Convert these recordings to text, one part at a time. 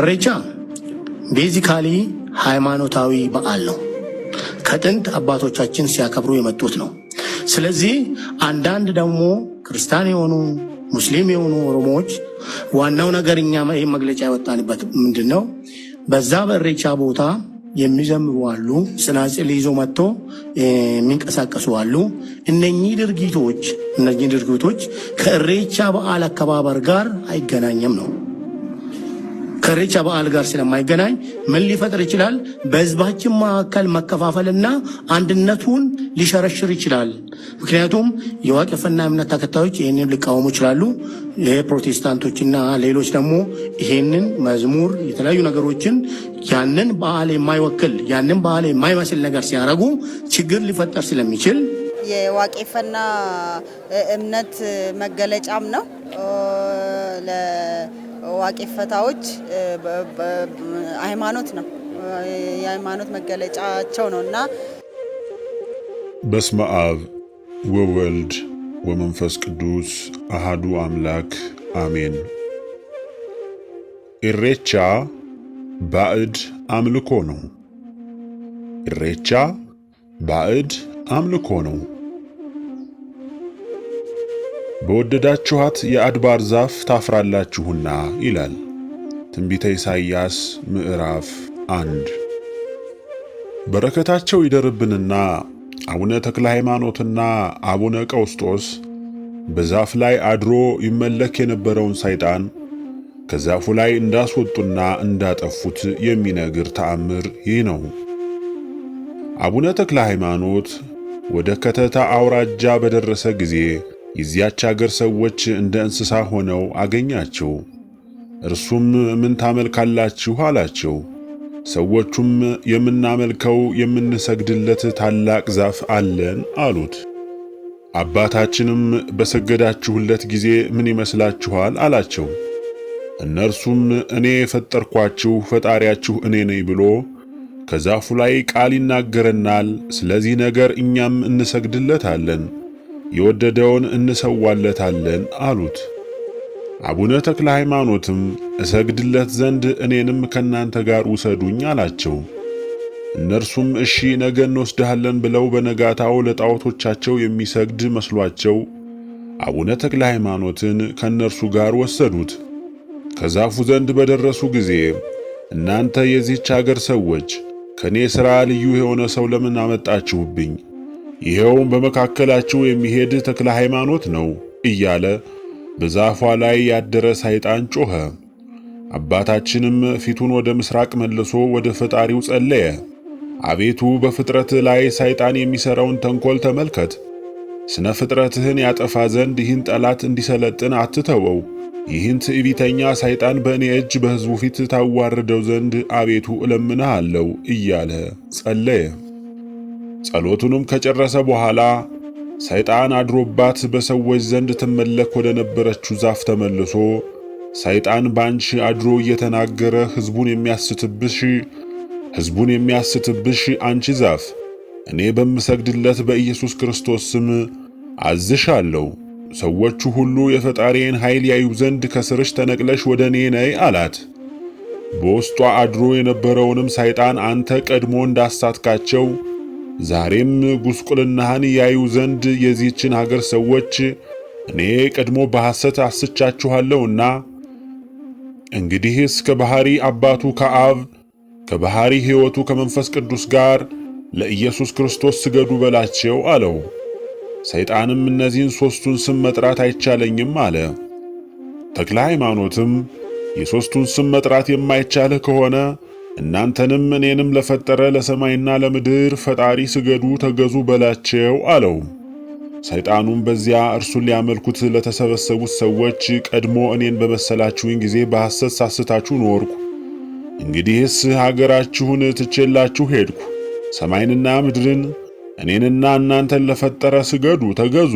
እሬቻ ቤዚካሊ ሃይማኖታዊ በዓል ነው። ከጥንት አባቶቻችን ሲያከብሩ የመጡት ነው። ስለዚህ አንዳንድ ደግሞ ክርስቲያን የሆኑ ሙስሊም የሆኑ ኦሮሞዎች ዋናው ነገር እኛ ይህ መግለጫ ያወጣንበት ምንድን ነው? በዛ በእሬቻ ቦታ የሚዘምሩ አሉ፣ ጽናጽል ይዞ መጥቶ የሚንቀሳቀሱ አሉ። እነኚህ ድርጊቶች እነኚህ ድርጊቶች ከእሬቻ በዓል አከባበር ጋር አይገናኝም ነው ከሬቻ በዓል ጋር ስለማይገናኝ ምን ሊፈጥር ይችላል? በህዝባችን መካከል መከፋፈልና አንድነቱን ሊሸረሽር ይችላል። ምክንያቱም የዋቄፈና እምነት ተከታዮች ይህንን ሊቃወሙ ይችላሉ። ፕሮቴስታንቶችና ሌሎች ደግሞ ይህንን መዝሙር፣ የተለያዩ ነገሮችን ያንን በዓል የማይወክል ያንን በዓል የማይመስል ነገር ሲያደርጉ ችግር ሊፈጠር ስለሚችል የዋቄፈና እምነት መገለጫም ነው። ለዋቂ ፈታዎች ሃይማኖት ነው፣ የሃይማኖት መገለጫቸው ነው እና በስመ አብ ወወልድ ወመንፈስ ቅዱስ አሃዱ አምላክ አሜን። ኢሬቻ ባዕድ አምልኮ ነው። ኢሬቻ ባዕድ አምልኮ ነው። በወደዳችኋት የአድባር ዛፍ ታፍራላችሁና ይላል ትንቢተ ኢሳይያስ ምዕራፍ አንድ በረከታቸው ይደርብንና አቡነ ተክለ ሃይማኖትና አቡነ ቀውስጦስ በዛፍ ላይ አድሮ ይመለክ የነበረውን ሰይጣን ከዛፉ ላይ እንዳስወጡና እንዳጠፉት የሚነግር ተአምር ይህ ነው። አቡነ ተክለ ሃይማኖት ወደ ከተታ አውራጃ በደረሰ ጊዜ የዚያች አገር ሰዎች እንደ እንስሳ ሆነው አገኛቸው። እርሱም ምን ታመልካላችሁ አላቸው። ሰዎቹም የምናመልከው የምንሰግድለት ታላቅ ዛፍ አለን አሉት። አባታችንም በሰገዳችሁለት ጊዜ ምን ይመስላችኋል አላቸው። እነርሱም እኔ የፈጠርኳችሁ ፈጣሪያችሁ እኔ ነኝ ብሎ ከዛፉ ላይ ቃል ይናገረናል። ስለዚህ ነገር እኛም እንሰግድለታለን የወደደውን እንሰዋለታለን አሉት። አቡነ ተክለ ሃይማኖትም እሰግድለት ዘንድ እኔንም ከናንተ ጋር ውሰዱኝ አላቸው። እነርሱም እሺ ነገ እንወስድሃለን ብለው በነጋታው ለጣዖቶቻቸው የሚሰግድ መስሏቸው አቡነ ተክለ ሃይማኖትን ከእነርሱ ጋር ወሰዱት። ከዛፉ ዘንድ በደረሱ ጊዜ እናንተ የዚህች አገር ሰዎች ከእኔ ሥራ ልዩ የሆነ ሰው ለምን አመጣችሁብኝ? ይኸውም በመካከላችሁ የሚሄድ ተክለ ሃይማኖት ነው እያለ በዛፏ ላይ ያደረ ሰይጣን ጮኸ። አባታችንም ፊቱን ወደ ምስራቅ መልሶ ወደ ፈጣሪው ጸለየ። አቤቱ በፍጥረት ላይ ሰይጣን የሚሠራውን ተንኰል ተመልከት። ስነ ፍጥረትህን ያጠፋ ዘንድ ይህን ጠላት እንዲሰለጥን አትተወው። ይህን ትዕቢተኛ ሰይጣን በእኔ እጅ በሕዝቡ ፊት ታዋርደው ዘንድ አቤቱ እለምንሃለሁ እያለ ጸለየ። ጸሎቱንም ከጨረሰ በኋላ ሰይጣን አድሮባት በሰዎች ዘንድ ትመለክ ወደ ነበረችው ዛፍ ተመልሶ ሰይጣን ባንቺ አድሮ እየተናገረ ሕዝቡን የሚያስትብሽ ሕዝቡን የሚያስትብሽ አንቺ ዛፍ እኔ በምሰግድለት በኢየሱስ ክርስቶስ ስም አዝሻለሁ፣ ሰዎቹ ሁሉ የፈጣሪን ኃይል ያዩ ዘንድ ከስርሽ ተነቅለሽ ወደ እኔ ነይ አላት። በውስጧ አድሮ የነበረውንም ሰይጣን አንተ ቀድሞ እንዳሳትካቸው ዛሬም ጉስቁልናህን ያዩ ዘንድ የዚህችን ሀገር ሰዎች እኔ ቀድሞ በሐሰት አስቻችኋለሁና እንግዲህስ ከባሕሪ አባቱ ከአብ ከባሕሪ ሕይወቱ ከመንፈስ ቅዱስ ጋር ለኢየሱስ ክርስቶስ ስገዱ በላቸው አለው። ሰይጣንም እነዚህን ሦስቱን ስም መጥራት አይቻለኝም አለ። ተክለ ሃይማኖትም የሦስቱን ስም መጥራት የማይቻልህ ከሆነ እናንተንም እኔንም ለፈጠረ ለሰማይና ለምድር ፈጣሪ ስገዱ ተገዙ በላቸው አለው። ሰይጣኑም በዚያ እርሱን ሊያመልኩት ለተሰበሰቡት ሰዎች ቀድሞ እኔን በመሰላችሁኝ ጊዜ በሐሰት ሳስታችሁ ኖርኩ። እንግዲህስ ሀገራችሁን ትቼላችሁ ሄድኩ። ሰማይንና ምድርን እኔንና እናንተን ለፈጠረ ስገዱ ተገዙ፣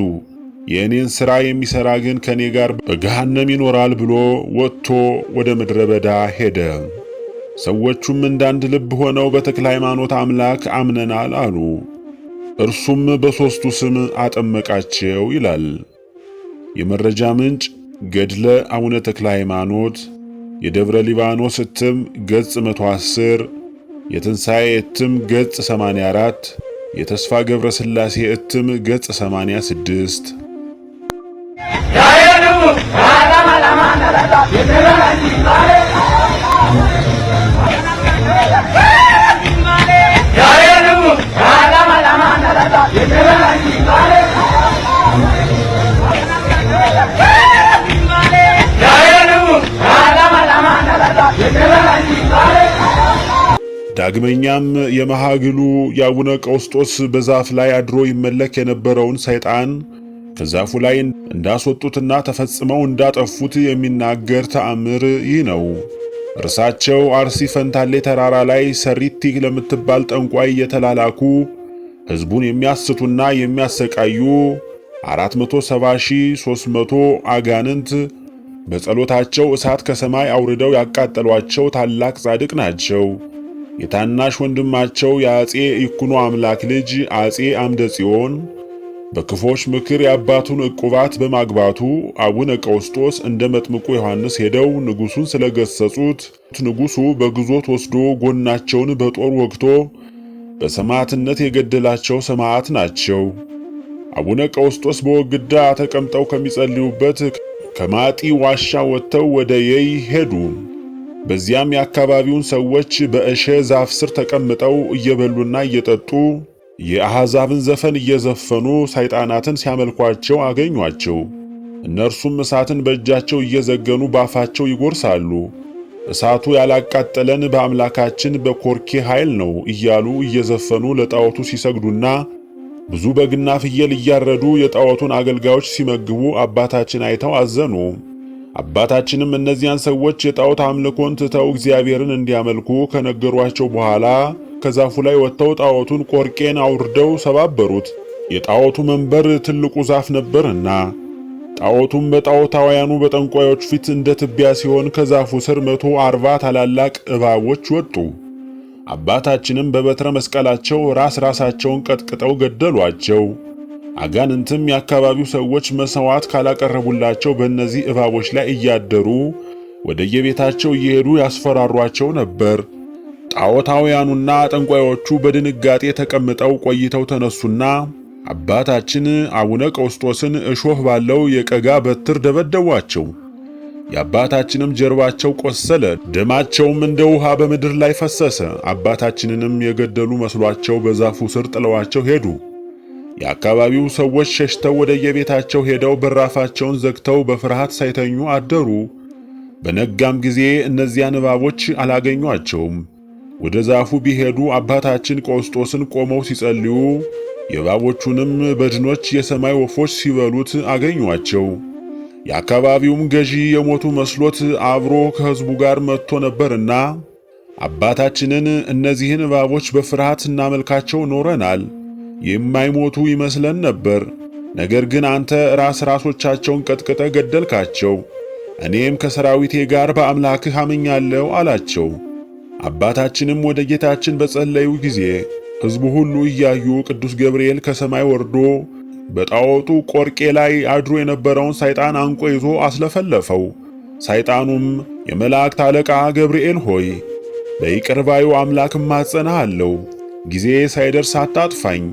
የእኔን ሥራ የሚሠራ ግን ከእኔ ጋር በገሃነም ይኖራል ብሎ ወጥቶ ወደ ምድረ በዳ ሄደ። ሰዎቹም እንዳንድ ልብ ሆነው በተክለ ሃይማኖት አምላክ አምነናል አሉ። እርሱም በሦስቱ ስም አጠመቃቸው ይላል። የመረጃ ምንጭ ገድለ አቡነ ተክለ ሃይማኖት፣ የደብረ ሊባኖስ እትም ገጽ 110፣ የትንሣኤ እትም ገጽ 84፣ የተስፋ ገብረ ሥላሴ እትም ገጽ 86። ዳግመኛም የመሃግሉ የአቡነ ቀውስጦስ በዛፍ ላይ አድሮ ይመለክ የነበረውን ሰይጣን ከዛፉ ላይ እንዳስወጡትና ተፈጽመው እንዳጠፉት የሚናገር ተአምር ይህ ነው። እርሳቸው አርሲ ፈንታሌ ተራራ ላይ ሰሪቲ ለምትባል ጠንቋይ እየተላላኩ ሕዝቡን የሚያስቱና የሚያሰቃዩ 47300 አጋንንት በጸሎታቸው እሳት ከሰማይ አውርደው ያቃጠሏቸው ታላቅ ጻድቅ ናቸው። የታናሽ ወንድማቸው የአጼ ይኩኖ አምላክ ልጅ አጼ አምደ ጽዮን በክፎች ምክር የአባቱን ዕቁባት በማግባቱ አቡነ ቀውስጦስ እንደ መጥምቁ ዮሐንስ ሄደው ንጉሡን ስለገሰጹት ንጉሡ በግዞት ወስዶ ጎናቸውን በጦር ወግቶ በሰማዕትነት የገደላቸው ሰማዕት ናቸው። አቡነ ቀውስጦስ በወግዳ ተቀምጠው ከሚጸልዩበት ከማጢ ዋሻ ወጥተው ወደ የይ ሄዱ። በዚያም የአካባቢውን ሰዎች በእሸ ዛፍ ስር ተቀምጠው እየበሉና እየጠጡ የአሕዛብን ዘፈን እየዘፈኑ ሰይጣናትን ሲያመልኳቸው አገኟቸው። እነርሱም እሳትን በእጃቸው እየዘገኑ ባፋቸው ይጎርሳሉ። እሳቱ ያላቃጠለን በአምላካችን በኮርኬ ኃይል ነው እያሉ እየዘፈኑ ለጣዖቱ ሲሰግዱና ብዙ በግና ፍየል እያረዱ የጣዖቱን አገልጋዮች ሲመግቡ አባታችን አይተው አዘኑ። አባታችንም እነዚያን ሰዎች የጣዖት አምልኮን ትተው እግዚአብሔርን እንዲያመልኩ ከነገሯቸው በኋላ ከዛፉ ላይ ወጥተው ጣዖቱን ቆርቄን አውርደው ሰባበሩት። የጣዖቱ መንበር ትልቁ ዛፍ ነበርና ጣዖቱም በጣዖታውያኑ በጠንቋዮች ፊት እንደ ትቢያ ሲሆን ከዛፉ ስር መቶ አርባ ታላላቅ እባቦች ወጡ። አባታችንም በበትረ መስቀላቸው ራስ ራሳቸውን ቀጥቅጠው ገደሏቸው። አጋንንትም የአካባቢው ሰዎች መሥዋዕት ካላቀረቡላቸው በእነዚህ እባቦች ላይ እያደሩ ወደየቤታቸው እየሄዱ ያስፈራሯቸው ነበር። ጣዖታውያኑና አጠንቋዮቹ በድንጋጤ ተቀምጠው ቆይተው ተነሱና አባታችን አቡነ ቀውስጦስን እሾህ ባለው የቀጋ በትር ደበደቧቸው። የአባታችንም ጀርባቸው ቆሰለ፣ ደማቸውም እንደ ውሃ በምድር ላይ ፈሰሰ። አባታችንንም የገደሉ መስሏቸው በዛፉ ስር ጥለዋቸው ሄዱ። የአካባቢው ሰዎች ሸሽተው ወደ የቤታቸው ሄደው በራፋቸውን ዘግተው በፍርሃት ሳይተኙ አደሩ። በነጋም ጊዜ እነዚያ እባቦች አላገኟቸውም። ወደ ዛፉ ቢሄዱ አባታችን ቆስጦስን ቆመው ሲጸልዩ የእባቦቹንም በድኖች የሰማይ ወፎች ሲበሉት አገኟቸው። የአካባቢውም ገዢ የሞቱ መስሎት አብሮ ከሕዝቡ ጋር መጥቶ ነበርና አባታችንን እነዚህን እባቦች በፍርሃት እናመልካቸው ኖረናል የማይሞቱ ይመስለን ነበር። ነገር ግን አንተ ራስ ራሶቻቸውን ቀጥቅጠ ገደልካቸው፣ እኔም ከሰራዊቴ ጋር በአምላክህ አመኛለሁ አላቸው። አባታችንም ወደ ጌታችን በጸለዩ ጊዜ ሕዝቡ ሁሉ እያዩ ቅዱስ ገብርኤል ከሰማይ ወርዶ በጣዖቱ ቆርቄ ላይ አድሮ የነበረውን ሰይጣን አንቆ ይዞ አስለፈለፈው። ሰይጣኑም የመላእክት አለቃ ገብርኤል ሆይ በይቅርባዩ አምላክ እማጸንሃለሁ፣ ጊዜ ሳይደርስ አታጥፋኝ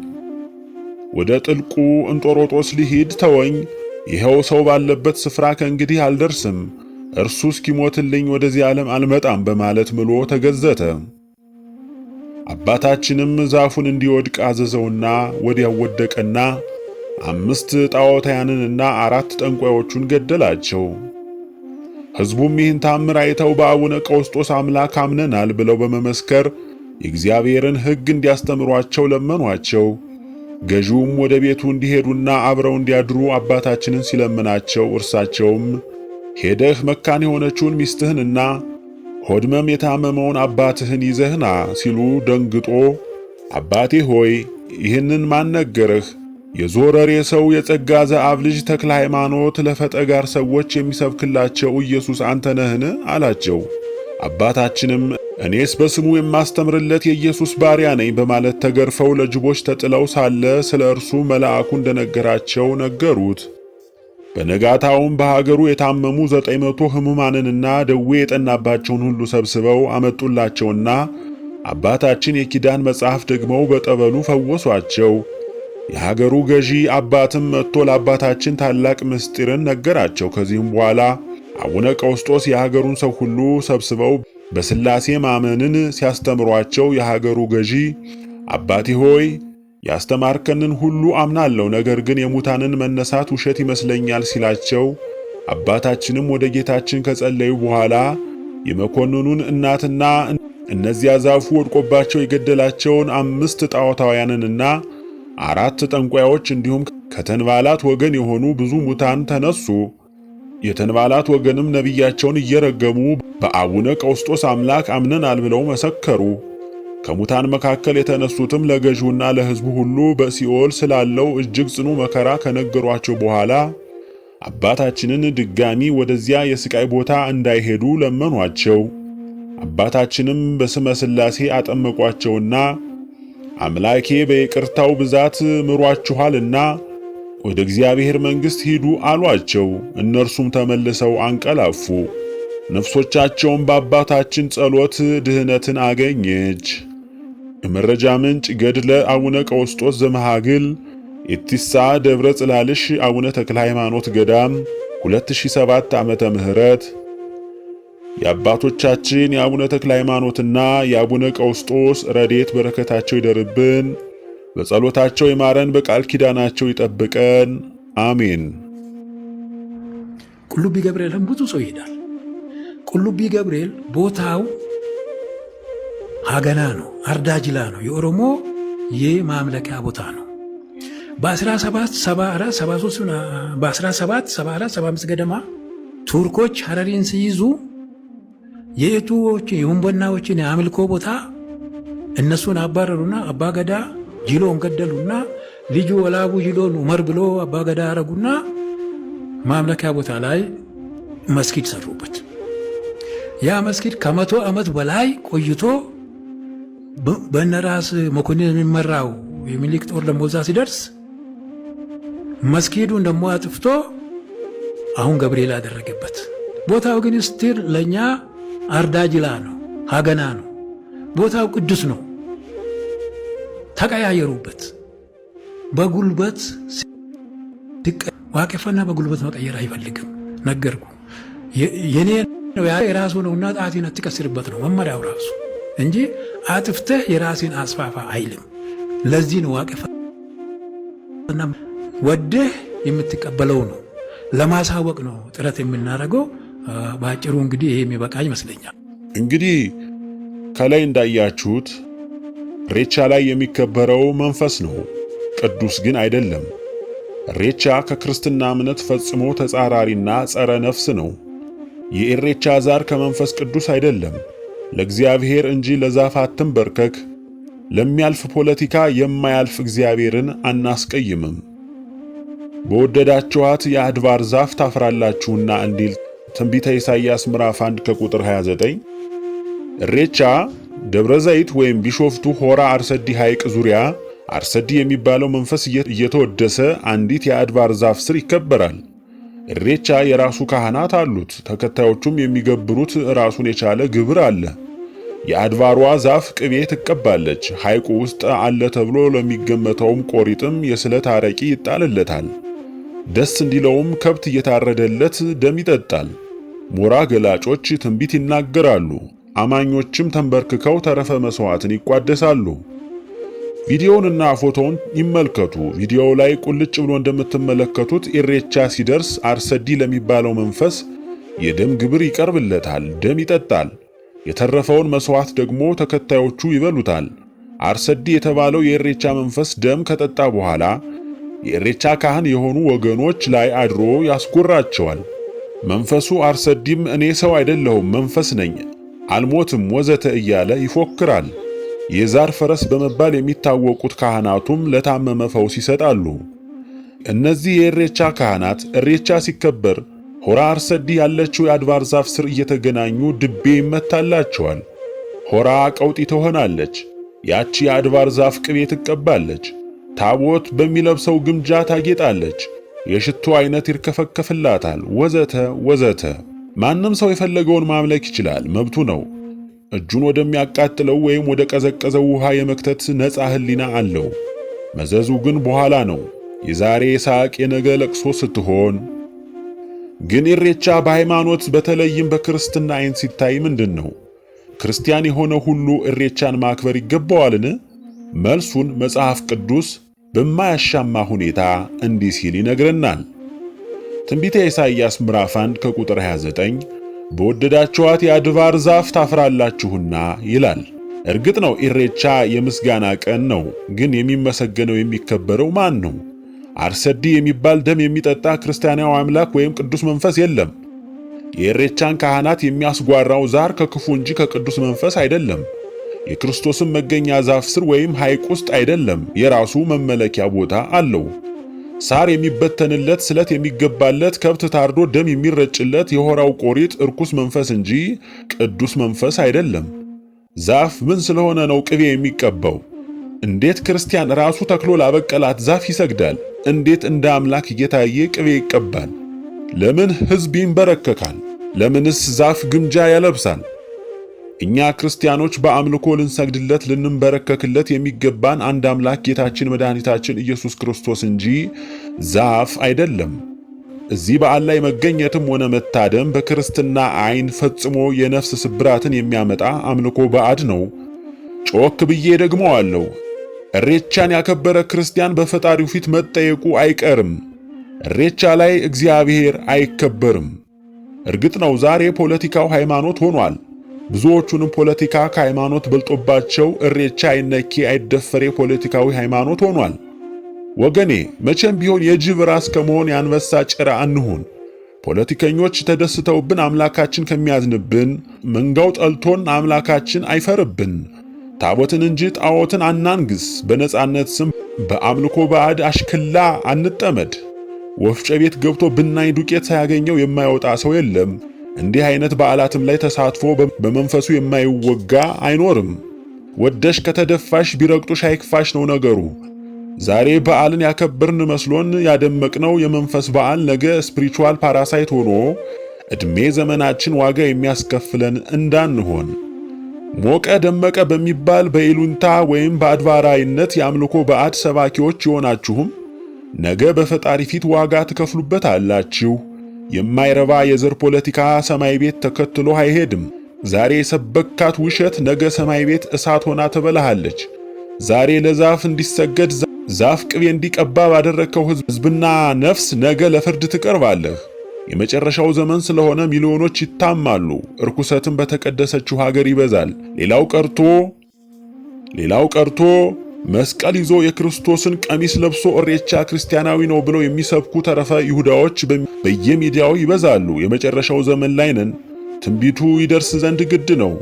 ወደ ጥልቁ እንጦሮጦስ ሊሄድ ተወኝ፣ ይኸው ሰው ባለበት ስፍራ ከእንግዲህ አልደርስም፣ እርሱ እስኪሞትልኝ ወደዚህ ዓለም አልመጣም በማለት ምሎ ተገዘተ። አባታችንም ዛፉን እንዲወድቅ አዘዘውና ወዲያው ወደቀና አምስት ጣዖታውያንንና አራት ጠንቋዮቹን ገደላቸው። ሕዝቡም ይህን ታምር አይተው በአቡነ ቀውስጦስ አምላክ አምነናል ብለው በመመስከር የእግዚአብሔርን ሕግ እንዲያስተምሯቸው ለመኗቸው። ገዢውም ወደ ቤቱ እንዲሄዱና አብረው እንዲያድሩ አባታችንን ሲለምናቸው፣ እርሳቸውም ሄደህ መካን የሆነችውን ሚስትህንና ሆድመም የታመመውን አባትህን ይዘህና ሲሉ ደንግጦ አባቴ ሆይ ይህንን ማን ነገረህ? የዞረሬ ሰው የጸጋ ዘአብ ልጅ ተክለ ሃይማኖት ለፈጠጋር ሰዎች የሚሰብክላቸው ኢየሱስ አንተ ነህን? አላቸው። አባታችንም እኔስ በስሙ የማስተምርለት የኢየሱስ ባሪያ ነኝ በማለት ተገርፈው ለጅቦች ተጥለው ሳለ ስለ እርሱ መልአኩ እንደነገራቸው ነገሩት። በነጋታውም በሀገሩ የታመሙ ዘጠኝ መቶ ሕሙማንንና ደዌ የጠናባቸውን ሁሉ ሰብስበው አመጡላቸውና አባታችን የኪዳን መጽሐፍ ደግመው በጠበሉ ፈወሷቸው። የሀገሩ ገዢ አባትም መጥቶ ለአባታችን ታላቅ ምስጢርን ነገራቸው። ከዚህም በኋላ አቡነ ቀውስጦስ የሀገሩን ሰው ሁሉ ሰብስበው በሥላሴ ማመንን ሲያስተምሯቸው የሀገሩ ገዢ አባቴ ሆይ ያስተማርከንን ሁሉ አምናለሁ፣ ነገር ግን የሙታንን መነሳት ውሸት ይመስለኛል ሲላቸው አባታችንም ወደ ጌታችን ከጸለዩ በኋላ የመኮንኑን እናትና እነዚያ ዛፉ ወድቆባቸው የገደላቸውን አምስት ጣዖታውያንንና አራት ጠንቋዮች እንዲሁም ከተንባላት ወገን የሆኑ ብዙ ሙታን ተነሱ። የተንባላት ወገንም ነቢያቸውን እየረገሙ በአቡነ ቀውስጦስ አምላክ አምነናል ብለው መሰከሩ። ከሙታን መካከል የተነሱትም ለገዢውና ለሕዝቡ ሁሉ በሲኦል ስላለው እጅግ ጽኑ መከራ ከነገሯቸው በኋላ አባታችንን ድጋሚ ወደዚያ የስቃይ ቦታ እንዳይሄዱ ለመኗቸው። አባታችንም በስመ ሥላሴ አጠመቋቸውና አምላኬ በይቅርታው ብዛት ምሯችኋልና ወደ እግዚአብሔር መንግሥት ሂዱ አሏቸው። እነርሱም ተመልሰው አንቀላፉ። ነፍሶቻቸውን በአባታችን ጸሎት ድህነትን አገኘች። የመረጃ ምንጭ ገድለ አቡነ ቀውስጦስ ዘመሃግል ኢትሳ ደብረ ጽላልሽ አቡነ ተክለ ሃይማኖት ገዳም 2007 ዓመተ ምህረት የአባቶቻችን የአቡነ ተክለ ሃይማኖትና የአቡነ ቀውስጦስ ረዴት በረከታቸው ይደርብን። በጸሎታቸው ይማረን፣ በቃል ኪዳናቸው ይጠብቀን። አሜን። ቁልቢ ገብርኤልም ብዙ ሰው ይሄዳል። ቁልቢ ገብርኤል ቦታው ሀገና ነው፣ አርዳጅላ ነው፣ የኦሮሞ የማምለኪያ ቦታ ነው። በ1774 ገደማ ቱርኮች ሀረሪን ሲይዙ የኢቱዎችን የሁንቦናዎችን የአምልኮ ቦታ እነሱን አባረሩና አባገዳ ። ጅሎን ገደሉና ልጁ ወላቡ ጅሎን ዑመር ብሎ አባገዳ አረጉና ማምለኪያ ቦታ ላይ መስጊድ ሰሩበት። ያ መስጊድ ከመቶ ዓመት በላይ ቆይቶ በነራስ መኮንን የሚመራው የሚኒልክ ጦር ደግሞ ሲደርስ መስጊዱን ደግሞ አጥፍቶ አሁን ገብርኤል አደረገበት። ቦታው ግን ስቲል ለእኛ አርዳጅላ ነው፣ ሀገና ነው። ቦታው ቅዱስ ነው። ተቀያየሩበት። በጉልበት ዋቄፈና በጉልበት መቀየር አይፈልግም። ነገርኩ የኔ ነው የራሱ እና ጣቴን አትቀስርበት ነው መመሪያው ራሱ እንጂ አጥፍተህ የራሴን አስፋፋ አይልም። ለዚህ ነው ዋቄፈና ወደህ የምትቀበለው ነው፣ ለማሳወቅ ነው ጥረት የምናደርገው። በአጭሩ እንግዲህ ይሄ የሚበቃ ይመስለኛል። እንግዲህ ከላይ እንዳያችሁት ሬቻ ላይ የሚከበረው መንፈስ ነው፣ ቅዱስ ግን አይደለም። ሬቻ ከክርስትና እምነት ፈጽሞ ተጻራሪና ጸረ ነፍስ ነው። የኢሬቻ ዛር ከመንፈስ ቅዱስ አይደለም፣ ለእግዚአብሔር እንጂ ለዛፍ አትንበርከክ። ለሚያልፍ ፖለቲካ የማያልፍ እግዚአብሔርን አናስቀይምም። በወደዳችኋት የአድባር ዛፍ ታፍራላችሁና እንዲል ትንቢተ ኢሳይያስ ምዕራፍ 1 ከቁጥር 29 ኢሬቻ ደብረ ዘይት ወይም ቢሾፍቱ ሆራ አርሰዲ ሐይቅ ዙሪያ አርሰዲ የሚባለው መንፈስ እየተወደሰ አንዲት የአድባር ዛፍ ስር ይከበራል። እሬቻ የራሱ ካህናት አሉት፣ ተከታዮቹም የሚገብሩት ራሱን የቻለ ግብር አለ። የአድባሯ ዛፍ ቅቤ ትቀባለች። ሐይቁ ውስጥ አለ ተብሎ ለሚገመተውም ቆሪጥም የስለት አረቂ ይጣልለታል። ደስ እንዲለውም ከብት እየታረደለት ደም ይጠጣል። ሞራ ገላጮች ትንቢት ይናገራሉ። አማኞችም ተንበርክከው ተረፈ መስዋዕትን ይቋደሳሉ። ቪዲዮውንና ፎቶውን ይመልከቱ። ቪዲዮው ላይ ቁልጭ ብሎ እንደምትመለከቱት ኢሬቻ ሲደርስ አርሰዲ ለሚባለው መንፈስ የደም ግብር ይቀርብለታል። ደም ይጠጣል። የተረፈውን መስዋዕት ደግሞ ተከታዮቹ ይበሉታል። አርሰዲ የተባለው የኢሬቻ መንፈስ ደም ከጠጣ በኋላ የኢሬቻ ካህን የሆኑ ወገኖች ላይ አድሮ ያስጎራቸዋል። መንፈሱ አርሰዲም እኔ ሰው አይደለሁም መንፈስ ነኝ አልሞትም ወዘተ እያለ ይፎክራል። የዛር ፈረስ በመባል የሚታወቁት ካህናቱም ለታመመ ፈውስ ይሰጣሉ። እነዚህ የእሬቻ ካህናት እሬቻ ሲከበር ሆራ አርሰዲ ያለችው የአድባር ዛፍ ስር እየተገናኙ ድቤ ይመታላቸዋል። ሆራ ቀውጢ ትሆናለች። ያቺ የአድባር ዛፍ ቅቤ ትቀባለች። ታቦት በሚለብሰው ግምጃ ታጌጣለች። የሽቱ አይነት ይርከፈከፍላታል፣ ወዘተ ወዘተ ማንም ሰው የፈለገውን ማምለክ ይችላል፣ መብቱ ነው። እጁን ወደሚያቃጥለው ወይም ወደ ቀዘቀዘው ውሃ የመክተት ነፃ ሕሊና አለው። መዘዙ ግን በኋላ ነው፣ የዛሬ ሳቅ የነገ ለቅሶ ስትሆን። ግን ኢሬቻ በሃይማኖት በተለይም በክርስትና አይን ሲታይ ምንድን ነው? ክርስቲያን የሆነ ሁሉ ኢሬቻን ማክበር ይገባዋልን? መልሱን መጽሐፍ ቅዱስ በማያሻማ ሁኔታ እንዲህ ሲል ይነግረናል። ትንቢተ ኢሳይያስ ምዕራፍ 1 ከቁጥር 29 በወደዳችኋት የአድባር ዛፍ ታፍራላችሁና ይላል። እርግጥ ነው ኢሬቻ የምስጋና ቀን ነው። ግን የሚመሰገነው የሚከበረው ማን ነው? አርሰዲ የሚባል ደም የሚጠጣ ክርስቲያናዊ አምላክ ወይም ቅዱስ መንፈስ የለም። የኢሬቻን ካህናት የሚያስጓራው ዛር ከክፉ እንጂ ከቅዱስ መንፈስ አይደለም። የክርስቶስን መገኛ ዛፍ ስር ወይም ሐይቅ ውስጥ አይደለም። የራሱ መመለኪያ ቦታ አለው። ሳር የሚበተንለት ስለት የሚገባለት ከብት ታርዶ ደም የሚረጭለት የሆራው ቆሪጥ እርኩስ መንፈስ እንጂ ቅዱስ መንፈስ አይደለም። ዛፍ ምን ስለሆነ ነው ቅቤ የሚቀባው? እንዴት ክርስቲያን ራሱ ተክሎ ላበቀላት ዛፍ ይሰግዳል? እንዴት እንደ አምላክ እየታየ ቅቤ ይቀባል? ለምን ሕዝብ ይንበረከካል? ለምንስ ዛፍ ግምጃ ያለብሳል? እኛ ክርስቲያኖች በአምልኮ ልንሰግድለት ልንንበረከክለት የሚገባን አንድ አምላክ ጌታችን መድኃኒታችን ኢየሱስ ክርስቶስ እንጂ ዛፍ አይደለም። እዚህ በዓል ላይ መገኘትም ሆነ መታደም በክርስትና ዐይን ፈጽሞ የነፍስ ስብራትን የሚያመጣ አምልኮ ባዕድ ነው። ጮክ ብዬ አለው እሬቻን ያከበረ ክርስቲያን በፈጣሪው ፊት መጠየቁ አይቀርም። እሬቻ ላይ እግዚአብሔር አይከበርም። እርግጥ ነው ዛሬ ፖለቲካው ሃይማኖት ሆኗል። ብዙዎቹንም ፖለቲካ ከሃይማኖት በልጦባቸው እሬቻ አይነኬ አይደፈሬ ፖለቲካዊ ሃይማኖት ሆኗል። ወገኔ መቼም ቢሆን የጅብ ራስ ከመሆን የአንበሳ ጭራ አንሁን። ፖለቲከኞች ተደስተውብን አምላካችን ከሚያዝንብን፣ መንጋው ጠልቶን አምላካችን አይፈርብን። ታቦትን እንጂ ጣዖትን አናንግስ። በነጻነት ስም በአምልኮ ባዕድ አሽክላ አንጠመድ። ወፍጨ ቤት ገብቶ ብናኝ ዱቄት ሳያገኘው የማይወጣ ሰው የለም። እንዲህ አይነት በዓላትም ላይ ተሳትፎ በመንፈሱ የማይወጋ አይኖርም። ወደሽ ከተደፋሽ ቢረግጡሽ አይክፋሽ ነው ነገሩ። ዛሬ በዓልን ያከበርን መስሎን ያደመቅነው የመንፈስ በዓል ነገ ስፒሪቹዋል ፓራሳይት ሆኖ ዕድሜ ዘመናችን ዋጋ የሚያስከፍለን እንዳንሆን ሞቀ ደመቀ በሚባል በኢሉንታ ወይም በአድባራይነት የአምልኮ ባዕድ ሰባኪዎች የሆናችሁም ነገ በፈጣሪ ፊት ዋጋ ትከፍሉበት አላችሁ። የማይረባ የዘር ፖለቲካ ሰማይ ቤት ተከትሎ አይሄድም። ዛሬ የሰበካት ውሸት ነገ ሰማይ ቤት እሳት ሆና ትበላሃለች። ዛሬ ለዛፍ እንዲሰገድ ዛፍ ቅቤ እንዲቀባ ባደረግከው ሕዝብና ነፍስ ነገ ለፍርድ ትቀርባለህ። የመጨረሻው ዘመን ስለሆነ ሚሊዮኖች ይታማሉ። እርኩሰትም በተቀደሰችው ሀገር ይበዛል። ሌላው ቀርቶ ሌላው ቀርቶ መስቀል ይዞ የክርስቶስን ቀሚስ ለብሶ እሬቻ ክርስቲያናዊ ነው ብለው የሚሰብኩ ተረፈ ይሁዳዎች በየሚዲያው ይበዛሉ። የመጨረሻው ዘመን ላይ ነን። ትንቢቱ ይደርስ ዘንድ ግድ ነው።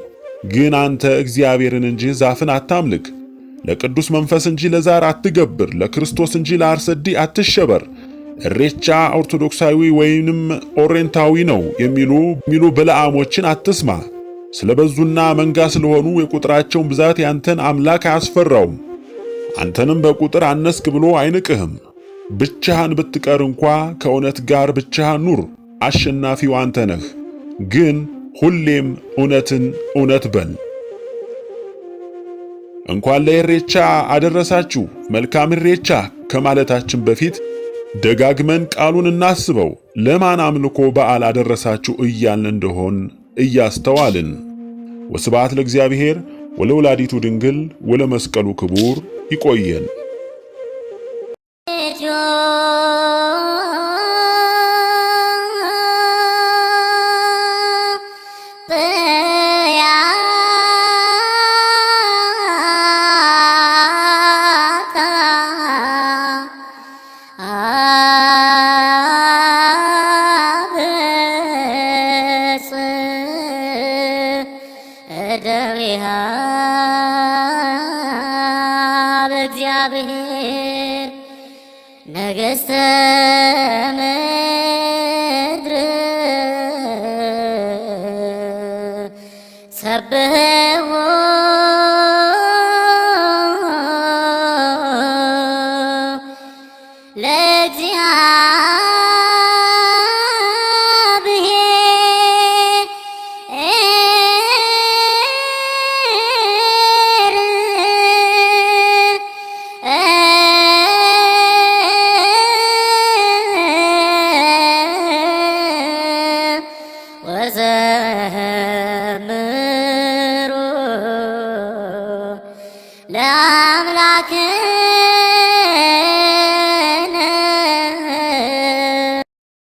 ግን አንተ እግዚአብሔርን እንጂ ዛፍን አታምልክ። ለቅዱስ መንፈስ እንጂ ለዛር አትገብር። ለክርስቶስ እንጂ ለአርሰዲ አትሸበር። እሬቻ ኦርቶዶክሳዊ ወይንም ኦሬንታዊ ነው የሚሉ ሚሉ በለዓሞችን አትስማ። ስለበዙና መንጋ ስለሆኑ የቁጥራቸውን ብዛት ያንተን አምላክ አያስፈራውም። አንተንም በቁጥር አነስክ ብሎ አይንቅህም። ብቻህን ብትቀር እንኳ ከእውነት ጋር ብቻህን ኑር፣ አሸናፊው አንተ ነህ። ግን ሁሌም እውነትን እውነት በል። እንኳን ለኢሬቻ አደረሳችሁ መልካም ኢሬቻ ከማለታችን በፊት ደጋግመን ቃሉን እናስበው። ለማን አምልኮ በዓል አደረሳችሁ እያልን እንደሆን እያስተዋልን። ወስብሐት ለእግዚአብሔር ወለወላዲቱ ድንግል ወለመስቀሉ ክቡር ይቆየን።